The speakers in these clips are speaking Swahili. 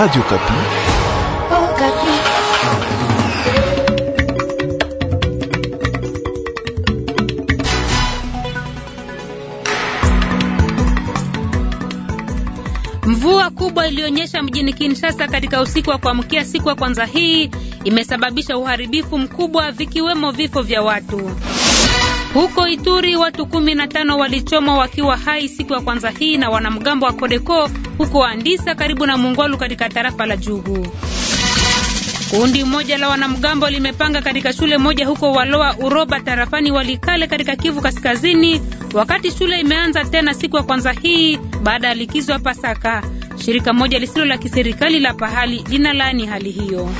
Radio Kapi. Oh, Kapi. Mvua kubwa iliyonyesha mjini Kinshasa katika usiku wa kuamkia siku ya kwanza hii imesababisha uharibifu mkubwa vikiwemo vifo vya watu. Huko Ituri watu 15 walichomwa wakiwa hai siku ya kwanza hii na wanamgambo wa Kodeko huko Andisa karibu na Mungwalu katika tarafa la Jugu. Kundi moja la wanamgambo limepanga katika shule moja huko Waloa Uroba tarafani Walikale katika Kivu Kaskazini wakati shule imeanza tena siku ya kwanza hii baada ya likizo ya Pasaka. Shirika moja lisilo la kiserikali la pahali linalaani hali hiyo.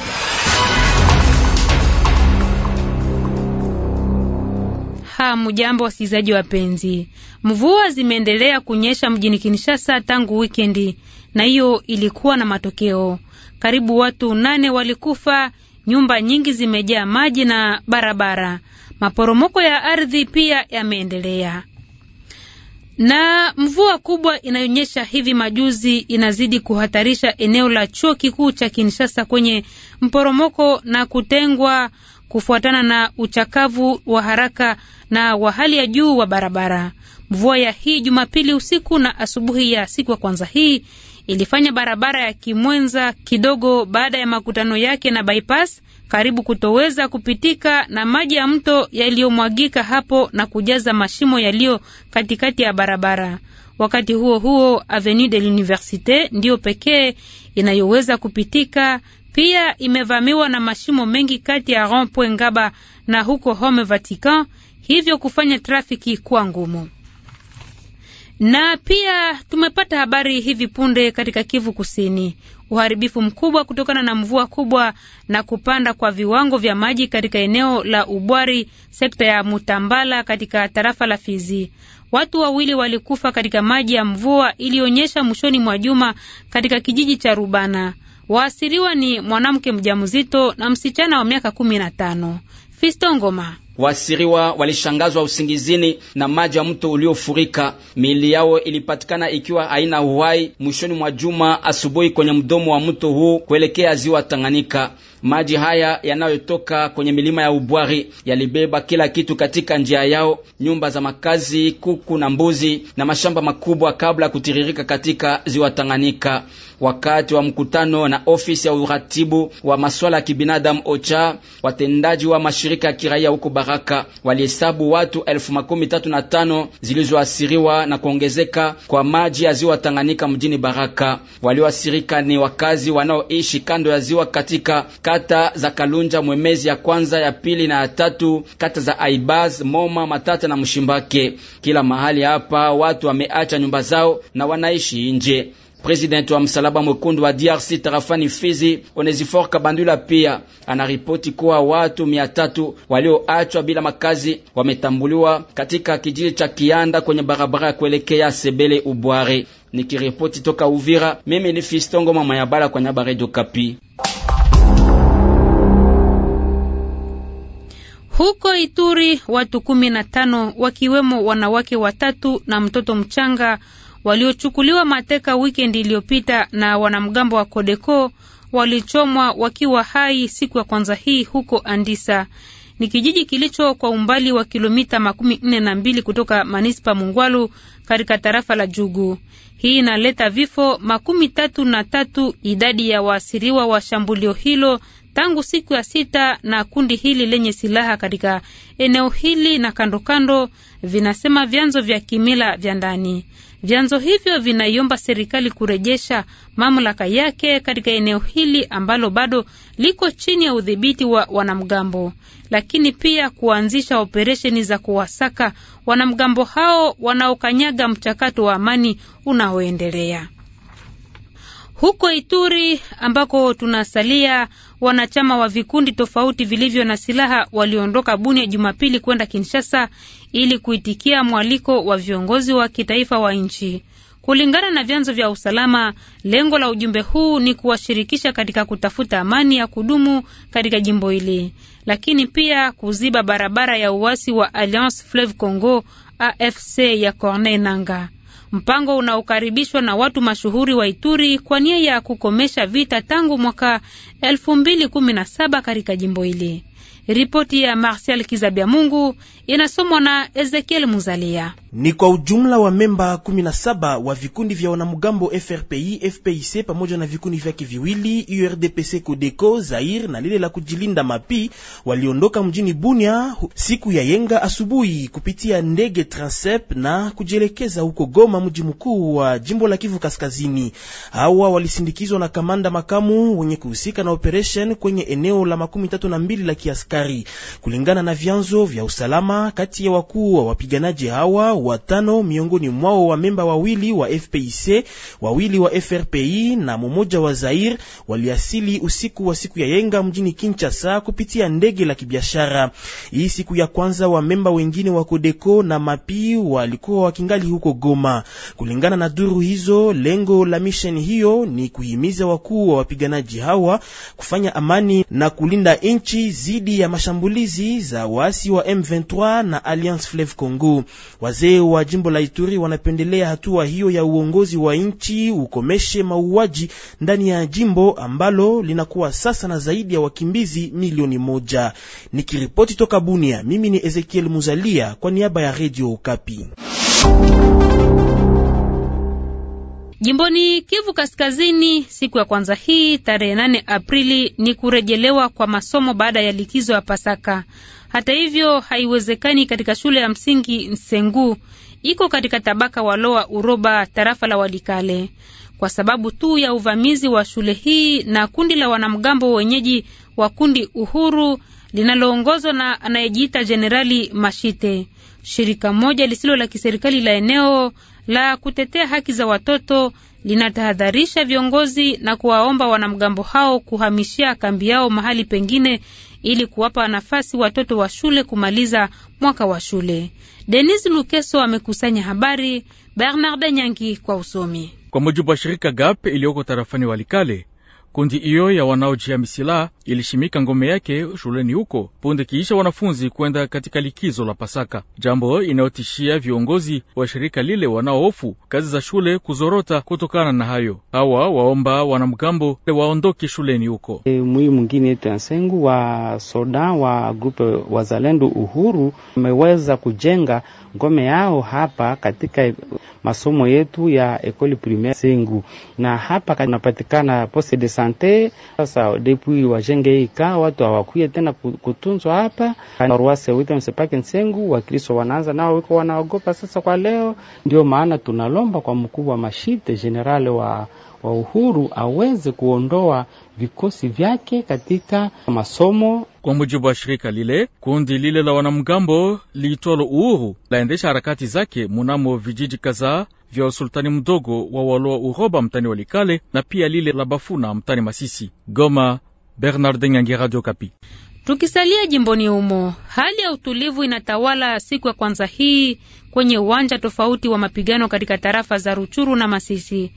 Hamjambo wasikilizaji wapenzi, mvua zimeendelea kunyesha mjini Kinshasa tangu wikendi, na hiyo ilikuwa na matokeo. Karibu watu nane walikufa, nyumba nyingi zimejaa maji na barabara. Maporomoko ya ardhi pia yameendelea, na mvua kubwa inayonyesha hivi majuzi inazidi kuhatarisha eneo la chuo kikuu cha Kinshasa kwenye mporomoko na kutengwa kufuatana na uchakavu wa haraka na wa hali ya juu wa barabara. Mvua ya hii Jumapili usiku na asubuhi ya siku ya kwanza hii ilifanya barabara ya Kimwenza kidogo baada ya makutano yake na bypass karibu kutoweza kupitika na maji ya mto yaliyomwagika hapo na kujaza mashimo yaliyo katikati ya barabara. Wakati huo huo, Avenue de l'Universite ndiyo pekee inayoweza kupitika pia imevamiwa na mashimo mengi kati ya Rond-Point Ngaba na huko Home Vatican, hivyo kufanya trafiki kuwa ngumu. Na pia tumepata habari hivi punde katika Kivu Kusini, uharibifu mkubwa kutokana na mvua kubwa na kupanda kwa viwango vya maji katika eneo la Ubwari, sekta ya Mutambala katika tarafa la Fizi. Watu wawili walikufa katika maji ya mvua iliyonyesha mwishoni mwa juma katika kijiji cha Rubana. Waasiriwa ni mwanamke mjamzito na msichana wa miaka kumi na tano. Fisto Ngoma Waasiriwa walishangazwa usingizini na maji ya mto uliofurika. Miili yao ilipatikana ikiwa haina uhai mwishoni mwa juma asubuhi kwenye mdomo wa mto huu kuelekea ziwa Tanganyika. Maji haya yanayotoka kwenye milima ya Ubwari yalibeba kila kitu katika njia yao: nyumba za makazi, kuku na mbuzi, na mashamba makubwa, kabla ya kutiririka katika ziwa Tanganyika. Wakati wa mkutano na ofisi ya uratibu wa masuala ya kibinadamu OCHA, watendaji wa mashirika ya kiraia huko Baraka walihesabu watu elfu makumi tatu na tano zilizoasiriwa na kuongezeka kwa maji ya ziwa Tanganyika mjini Baraka. Walioasirika ni wakazi wanaoishi kando ya ziwa katika kata za Kalunja, Mwemezi ya kwanza, ya pili na ya tatu, kata za Aibaz, Moma, Matata na Mshimbake. Kila mahali hapa watu wameacha nyumba zao na wanaishi nje. Presidenti wa Msalaba Mwekundu wa DRC tarafani Fizi, Onesifore Kabandula pia anaripoti kuwa watu mia tatu walioachwa bila makazi wametambuliwa katika kijiji cha Kianda kwenye barabara ya kuelekea Sebele Ubware. Nikiripoti toka Uvira, mimi ni Fistongo mama ya Bala kwa nyaba Kapi. Huko Ituri watu kumi na tano wakiwemo wanawake watatu na mtoto mchanga waliochukuliwa mateka wikendi iliyopita na wanamgambo wa Kodeko walichomwa wakiwa hai siku ya kwanza hii huko Andisa. Ni kijiji kilicho kwa umbali wa kilomita makumi nne na mbili kutoka manispa Mungwalu katika tarafa la Jugu. Hii inaleta vifo makumi tatu na tatu, idadi ya waasiriwa wa shambulio hilo tangu siku ya sita na kundi hili lenye silaha katika eneo hili na kandokando, vinasema vyanzo vya kimila vya ndani. Vyanzo hivyo vinaiomba serikali kurejesha mamlaka yake katika eneo hili ambalo bado liko chini ya udhibiti wa wanamgambo, lakini pia kuanzisha operesheni za kuwasaka wanamgambo hao wanaokanyaga mchakato wa amani unaoendelea. Huko Ituri ambako tunasalia, wanachama wa vikundi tofauti vilivyo na silaha waliondoka Bunia Jumapili kwenda Kinshasa ili kuitikia mwaliko wa viongozi wa kitaifa wa nchi. Kulingana na vyanzo vya usalama, lengo la ujumbe huu ni kuwashirikisha katika kutafuta amani ya kudumu katika jimbo hili, lakini pia kuziba barabara ya uasi wa Alliance Fleuve Congo AFC ya Corneille Nanga, mpango unaokaribishwa na watu mashuhuri wa Ituri kwa nia ya kukomesha vita tangu mwaka 2017 katika jimbo hili. Ripoti ya kizabia mungu inasomwa na Ezekiel Muzalia. Ni kwa ujumla wa memba 17 wa vikundi vya wanamgambo FRPI, FPIC pamoja na vikundi vyake viwili URDPC, Codeco, Zaire na lile la kujilinda Mapi waliondoka mjini Bunia siku ya yenga asubuhi kupitia ndege Transep na kujielekeza huko Goma, mji mkuu wa jimbo la Kivu Kaskazini. Hawa walisindikizwa na kamanda makamu wenye kuhusika na operation kwenye eneo la makumi tatu na mbili la kiaskari, kulingana na vyanzo vya usalama kati ya wakuu wa wapiganaji hawa watano, miongoni mwao wa memba wawili wa FPIC, wawili wa FRPI na mmoja wa Zaire waliasili usiku wa siku ya yenga mjini Kinshasa kupitia ndege la kibiashara. Hii siku ya kwanza wa memba wengine wa Kodeko na Mapi walikuwa wakingali huko Goma. Kulingana na duru hizo, lengo la mission hiyo ni kuhimiza wakuu wa wapiganaji hawa kufanya amani na kulinda nchi dhidi ya mashambulizi za waasi wa M23 na Alliance Fleuve Congo. Wazee wazee wa jimbo la Ituri wanapendelea hatua hiyo ya uongozi wa nchi ukomeshe mauaji ndani ya jimbo ambalo linakuwa sasa na zaidi ya wakimbizi milioni moja. Nikiripoti toka Bunia, mimi ni Ezekiel Muzalia kwa niaba ya redio Okapi. Jimboni Kivu Kaskazini, siku ya kwanza hii tarehe 8 Aprili ni kurejelewa kwa masomo baada ya likizo ya Pasaka. Hata hivyo, haiwezekani katika shule ya msingi Nsengu iko katika tabaka Waloa Uroba, tarafa la Walikale, kwa sababu tu ya uvamizi wa shule hii na kundi la wanamgambo wenyeji wa kundi Uhuru linaloongozwa na anayejiita Jenerali Mashite. Shirika moja lisilo la kiserikali la eneo la kutetea haki za watoto linatahadharisha viongozi na kuwaomba wanamgambo hao kuhamishia kambi yao mahali pengine ili kuwapa nafasi watoto wa shule kumaliza mwaka wa shule. Denis Lukeso amekusanya habari. bernarde Nyangi kwa usomi. Kwa mujibu wa shirika GAP iliyoko tarafani Walikale, Kundi iyo ya wanaojihami silaha ilishimika ngome yake shuleni huko punde kiisha wanafunzi kwenda katika likizo la Pasaka, jambo inayotishia viongozi wa shirika lile wanaohofu kazi za shule kuzorota kutokana na hayo. Hawa waomba wanamgambo waondoke shuleni huko. E, mwiyi mwingine Tensengu wa soda wa grupe Wazalendo Uhuru ameweza kujenga ngome yao hapa katika masomo yetu ya ekoli primaire Sengu, na hapa kunapatikana poste de sante. Sasa depuis wajenge ika watu hawakuye tena kutunzwa hapa Ruwase wite msepake nsengu Wakristo wanaanza nao wiko wanaogopa sasa kwa leo, ndio maana tunalomba kwa mkuu wa mashite general wa wa uhuru aweze kuondoa vikosi vyake katika masomo. Kwa mujibu wa shirika lile, kundi lile la wanamgambo liitwalo Uhuru laendesha harakati zake munamo vijiji kadhaa vya usultani mdogo wa Waloa Uroba mtani wa likale na pia lile la Bafuna mtani Masisi. Goma, Bernard Nyange, Radio Kapi. Tukisalia jimboni humo, hali ya utulivu inatawala siku ya kwanza hii kwenye uwanja tofauti wa mapigano katika tarafa za Ruchuru na Masisi.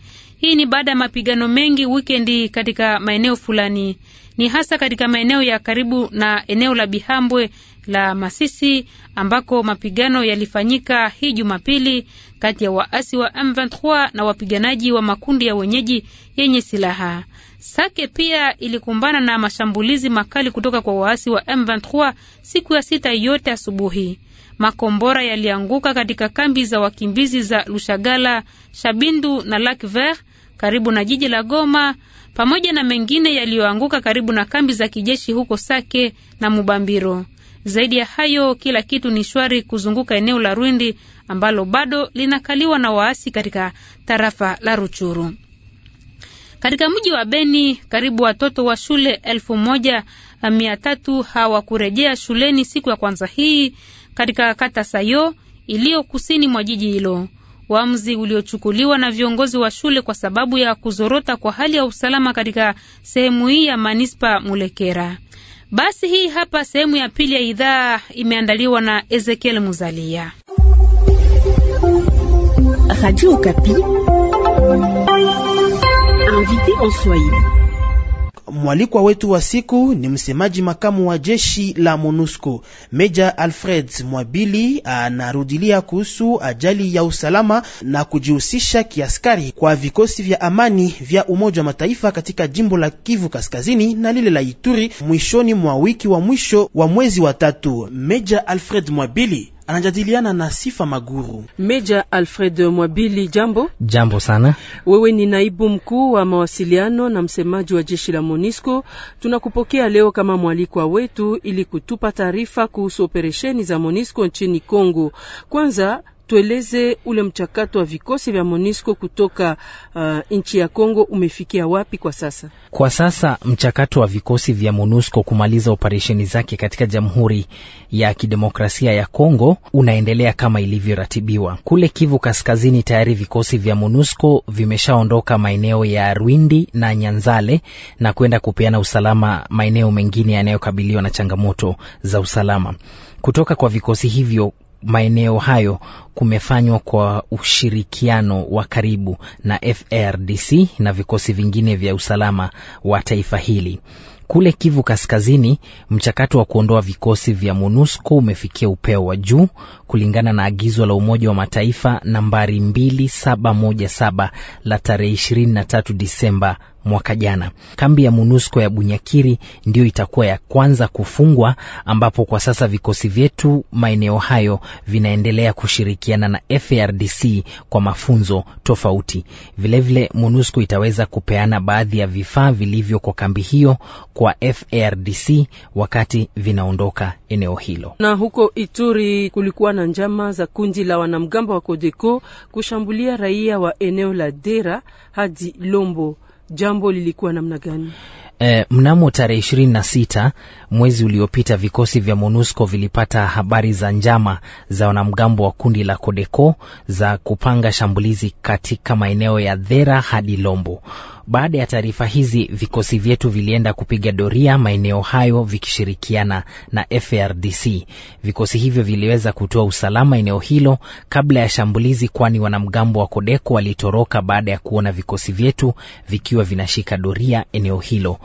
Hii ni baada ya mapigano mengi wikendi katika maeneo fulani, ni hasa katika maeneo ya karibu na eneo la Bihambwe la Masisi ambako mapigano yalifanyika hii Jumapili kati ya waasi wa M23 na wapiganaji wa makundi ya wenyeji yenye silaha. Sake pia ilikumbana na mashambulizi makali kutoka kwa waasi wa M23 siku ya sita yote asubuhi. Makombora yalianguka katika kambi za wakimbizi za Lushagala, Shabindu na Lac Vert karibu na jiji la Goma pamoja na mengine yaliyoanguka karibu na kambi za kijeshi huko Sake na Mubambiro. Zaidi ya hayo, kila kitu ni shwari kuzunguka eneo la Rwindi ambalo bado linakaliwa na waasi katika tarafa la Ruchuru. Katika mji wa Beni, karibu watoto wa shule elfu moja eh, mia tatu hawakurejea shuleni siku ya kwanza hii katika kata Sayo iliyo kusini mwa jiji hilo uamuzi uliochukuliwa na viongozi wa shule kwa sababu ya kuzorota kwa hali ya usalama katika sehemu hii ya manispa Mulekera. Basi hii hapa sehemu ya pili ya idhaa imeandaliwa na Ezekiel Muzalia. Radio Okapi. Mwalikwa wetu wa siku ni msemaji makamu wa jeshi la MONUSCO Meja Alfred Mwabili, anarudilia kuhusu ajali ya usalama na kujihusisha kiaskari kwa vikosi vya amani vya Umoja wa Mataifa katika jimbo la Kivu Kaskazini na lile la Ituri mwishoni mwa wiki wa mwisho wa mwezi wa tatu. Meja Alfred Mwabili anajadiliana na Sifa Maguru. Meja Alfred Mwabili, jambo. Jambo sana. Wewe ni naibu mkuu wa mawasiliano na msemaji wa jeshi la MONUSCO. Tunakupokea leo kama mwalikwa wetu ili kutupa taarifa kuhusu operesheni za MONUSCO nchini congo Kwanza tueleze ule mchakato wa vikosi vya MONUSCO kutoka uh, nchi ya Kongo umefikia wapi kwa sasa? Kwa sasa mchakato wa vikosi vya MONUSCO kumaliza operesheni zake katika Jamhuri ya Kidemokrasia ya Kongo unaendelea kama ilivyoratibiwa. Kule Kivu Kaskazini tayari vikosi vya MONUSCO vimeshaondoka maeneo ya Rwindi na Nyanzale na kwenda kupeana usalama maeneo mengine yanayokabiliwa na changamoto za usalama. Kutoka kwa vikosi hivyo maeneo hayo kumefanywa kwa ushirikiano wa karibu na FARDC na vikosi vingine vya usalama wa taifa hili. Kule Kivu Kaskazini, mchakato wa kuondoa vikosi vya MONUSCO umefikia upeo wa juu kulingana na agizo la Umoja wa Mataifa nambari 2717 la tarehe 23 Disemba mwaka jana. Kambi ya MONUSCO ya Bunyakiri ndiyo itakuwa ya kwanza kufungwa, ambapo kwa sasa vikosi vyetu maeneo hayo vinaendelea kushirikiana na FARDC kwa mafunzo tofauti. Vilevile, MONUSCO itaweza kupeana baadhi ya vifaa vilivyo kwa kambi hiyo kwa FARDC wakati vinaondoka eneo hilo. Na huko Ituri kulikuwa na njama za kundi la wanamgambo wa Kodeko kushambulia raia wa eneo la Dera hadi Lombo jambo lilikuwa namna gani? E, mnamo tarehe ishirini na sita mwezi uliopita vikosi vya MONUSCO vilipata habari za njama za wanamgambo wa kundi la CODECO za kupanga shambulizi katika maeneo ya Dhera hadi Lombo. Baada ya taarifa hizi, vikosi vyetu vilienda kupiga doria maeneo hayo vikishirikiana na FARDC. Vikosi hivyo viliweza kutoa usalama eneo hilo kabla ya shambulizi, kwani wanamgambo wa Kodeko walitoroka baada ya kuona vikosi vyetu vikiwa vinashika doria eneo hilo.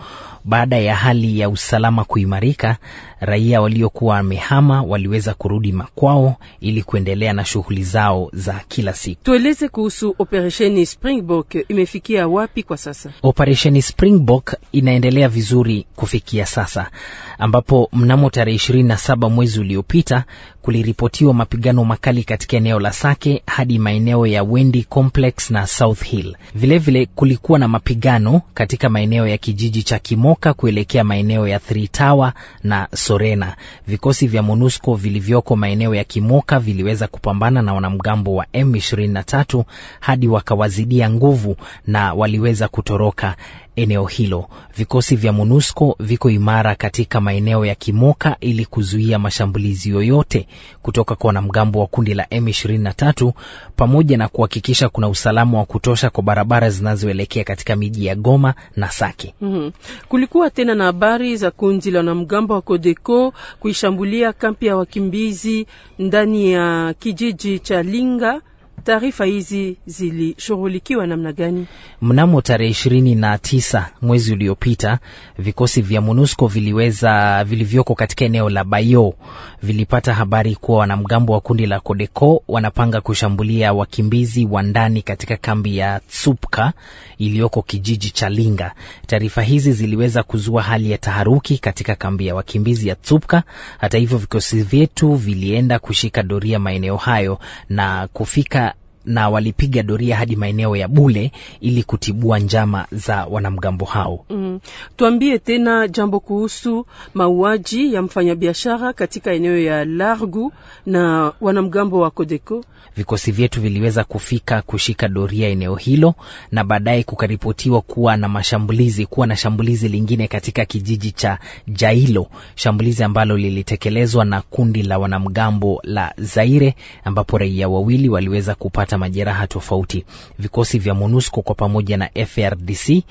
Baada ya hali ya usalama kuimarika, raia waliokuwa wamehama waliweza kurudi makwao ili kuendelea na shughuli zao za kila siku. Tueleze kuhusu operesheni Springbok imefikia wapi kwa sasa? Operesheni Springbok inaendelea vizuri kufikia sasa, ambapo mnamo tarehe ishirini na saba mwezi uliopita kuliripotiwa mapigano makali katika eneo la Sake hadi maeneo ya Wendi Complex na South Hill. Vilevile vile kulikuwa na mapigano katika maeneo ya kijiji cha Kimo kutoka kuelekea maeneo ya Three Tower na Sorena. Vikosi vya MONUSCO vilivyoko maeneo ya Kimoka viliweza kupambana na wanamgambo wa M23 hadi wakawazidia nguvu na waliweza kutoroka eneo hilo. Vikosi vya MONUSCO viko imara katika maeneo ya Kimoka ili kuzuia mashambulizi yoyote kutoka kwa wanamgambo wa kundi la M23 pamoja na kuhakikisha kuna usalama wa kutosha kwa barabara zinazoelekea katika miji ya Goma na Sake. Mm -hmm. Kulikuwa tena na habari za kundi la wanamgambo wa Kodeko kuishambulia kampi ya wakimbizi ndani ya kijiji cha Linga Taarifa hizi zilishughulikiwa namna gani? Mnamo tarehe ishirini na tisa mwezi uliopita, vikosi vya MONUSCO viliweza vilivyoko katika eneo la Bayo vilipata habari kuwa wanamgambo wa kundi la Codeco wanapanga kushambulia wakimbizi wa ndani katika kambi ya Tsupka iliyoko kijiji cha Linga. Taarifa hizi ziliweza kuzua hali ya taharuki katika kambi ya wakimbizi ya Tsupka. Hata hivyo, vikosi vyetu vilienda kushika doria maeneo hayo na kufika na walipiga doria hadi maeneo ya Bule ili kutibua njama za wanamgambo hao. Mm. Tuambie tena jambo kuhusu mauaji ya mfanyabiashara katika eneo ya Largu na wanamgambo wa Kodeko. Vikosi vyetu viliweza kufika kushika doria eneo hilo na baadaye kukaripotiwa kuwa na mashambulizi, kuwa na shambulizi lingine katika kijiji cha Jailo, shambulizi ambalo lilitekelezwa na kundi la wanamgambo la Zaire ambapo raia wawili waliweza kupata majeraha tofauti. Vikosi vya MONUSCO kwa pamoja na FARDC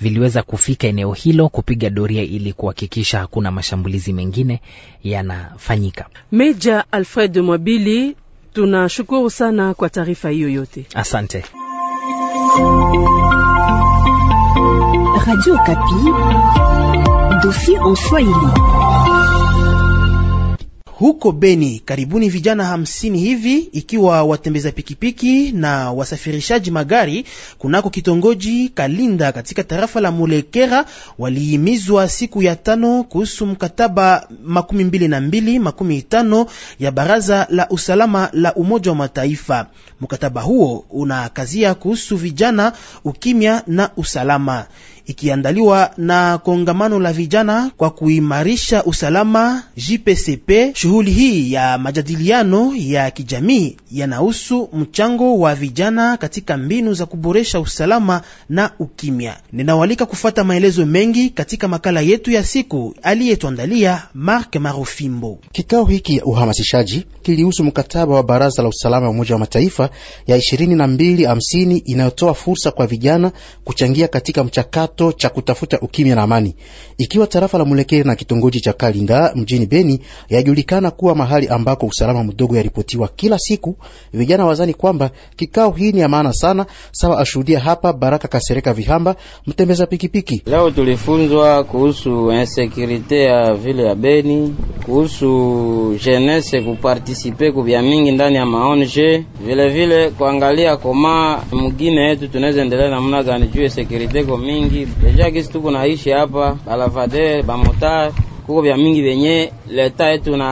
viliweza kufika eneo hilo kupiga doria ili kuhakikisha hakuna mashambulizi mengine yanafanyika. Meja Alfred Mwabili, tunashukuru sana kwa taarifa hiyo yote, asante. Radio Kapi, dossier en Swahili. Huko Beni karibuni vijana hamsini hivi ikiwa watembeza pikipiki na wasafirishaji magari kunako kitongoji Kalinda katika tarafa la Mulekera walihimizwa siku ya tano kuhusu mkataba makumi mbili na mbili makumi tano ya Baraza la Usalama la Umoja wa Mataifa. Mkataba huo unakazia kuhusu vijana, ukimya na usalama ikiandaliwa na kongamano la vijana kwa kuimarisha usalama JPCP. Shughuli hii ya majadiliano ya kijamii yanahusu mchango wa vijana katika mbinu za kuboresha usalama na ukimya. Ninawalika kufuata maelezo mengi katika makala yetu ya siku aliyetuandalia Mark Marofimbo. Kikao hiki ya uhamasishaji kilihusu mkataba wa Baraza la Usalama ya Umoja wa Mataifa ya 2250 inayotoa fursa kwa vijana kuchangia katika mchakato kipato cha kutafuta ukimya na amani, ikiwa tarafa la Mulekere na kitongoji cha Kalinga mjini Beni yajulikana kuwa mahali ambako usalama mdogo yaripotiwa kila siku. Vijana wazani kwamba kikao hii ni ya maana sana, sawa ashuhudia hapa Baraka Kasereka Vihamba, mtembeza pikipiki. Leo tulifunzwa kuhusu insekurite ya vile ya Beni, kuhusu jenese kupartisipe kuvya mingi ndani ya maonje, vilevile kuangalia koma mgine yetu tunaweza endelea namna gani juu ya sekurite ko mingi Kivu. Deja kisi tuko naishi hapa, balavade bamotar kuko vya mingi venye leta yetu na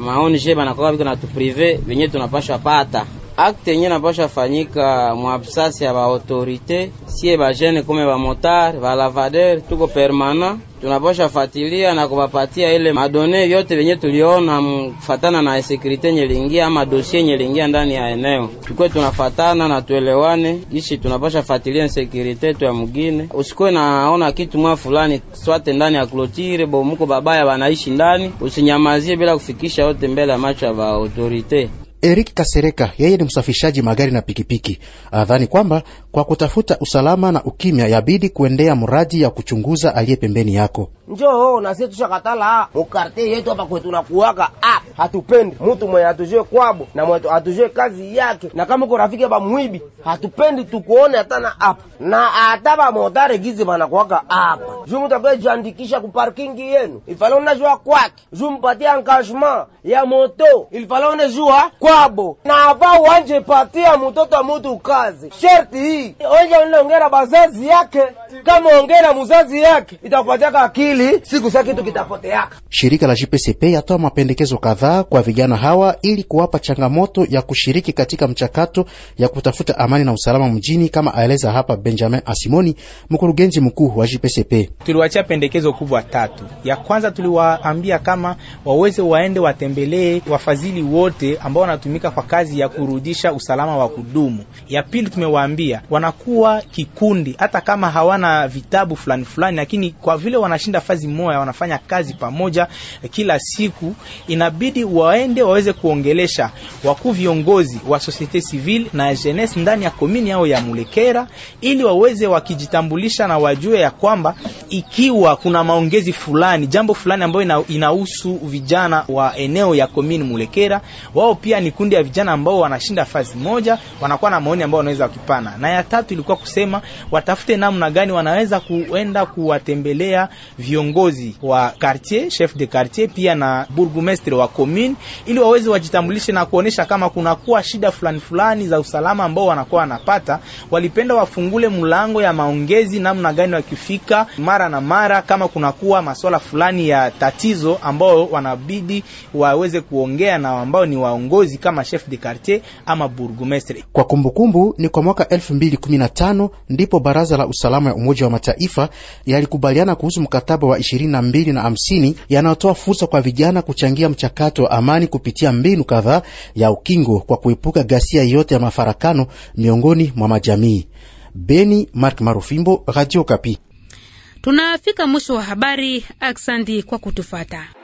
maonishe banakoka viko na tuprive venye tunapasha pata akte nye napasha fanyika mwabsasi ya baautorite, siye bajene kume bamotari balavader, tuko permana tunapasha fatilia na kubapatia ile madone vyote venye tuliona mfatana na esekurite nyelingia lingia ama dosie nye ndani ya eneo, tukwe tunafatana na tuelewane, ishi tunapasha fatilia sekurite tu ya mugine, usikuwe naona kitu mwa fulani swate ndani ya klotire bomuko babaya banaishi ndani, usinyamazie bila kufikisha yote mbele ya macho ya baautorite. Eric Kasereka yeye ni msafishaji magari na pikipiki. Adhani kwamba kwa kutafuta usalama na ukimya yabidi kuendea mradi ya kuchunguza aliye pembeni yako. Njoo na sisi tushakatala ukarte yetu hapa kwetu na kuwaka ah, hatupendi mtu mwenye atujue kwabo na mwenye atujue kazi yake, na kama uko rafiki hapa mwibi hatupendi tukuone hata na apa na ataba motare gizi banakwaka apa juu mutakuejiandikisha kuparkingi yenu ifale unajua kwake juu mpatia engagement ya moto ilifale unajua kwabo na apa wanje patia mutoto wa mutu kazi sherti hii onja unaongera bazazi yake kama ongera muzazi yake itakupatiaka akili siku sa kitu kitapoteaka. Shirika la JPCP yatoa mapendekezo kadhaa kwa vijana hawa ili kuwapa changamoto ya kushiriki katika mchakato ya kutafuta amani amani na usalama mjini, kama aeleza hapa Benjamin Asimoni, mkurugenzi mkuu wa JPCP. Tuliwachia pendekezo kubwa tatu. Ya kwanza tuliwaambia kama waweze waende watembelee wafadhili wote ambao wanatumika kwa kazi ya kurudisha usalama wa kudumu. Ya pili tumewaambia wanakuwa kikundi, hata kama hawana vitabu fulani fulani, lakini kwa vile wanashinda fazi moja, wanafanya kazi pamoja kila siku, inabidi waende waweze kuongelesha wakuu viongozi wa societe civile na jeunesse ndani ndani ya komini yao ya Mulekera, ili waweze wakijitambulisha na wajue ya kwamba ikiwa kuna maongezi fulani, jambo fulani ambayo inahusu vijana wa eneo ya komini Mulekera, wao pia ni kundi ya vijana ambao wanashinda fazi moja, wanakuwa na maoni ambayo wanaweza wakipana. Na ya tatu ilikuwa kusema watafute namna gani wanaweza kuenda kuwatembelea viongozi wa quartier, chef de quartier, pia na burgomestre wa komini, ili waweze wajitambulishe na kuonesha kama kunakuwa shida fulani fulani za usalama ambao wana wanakuwa wanapata, walipenda wafungule mlango ya maongezi, namna gani wakifika mara na mara, kama kunakuwa masuala fulani ya tatizo ambao wanabidi waweze kuongea na ambao ni waongozi kama chef de quartier ama burgomestre. Kwa kumbukumbu kumbu, ni kwa mwaka 2015 ndipo baraza la usalama ya Umoja wa Mataifa yalikubaliana kuhusu mkataba wa 22 na 50 yanayotoa fursa kwa vijana kuchangia mchakato wa amani kupitia mbinu kadhaa ya ukingo kwa kuepuka ghasia yote ya mafarakano miongoni mwa majamii. Beni, Mark Marufimbo, Radio Kapi. Tunafika mwisho wa habari. Aksandi kwa kutufata.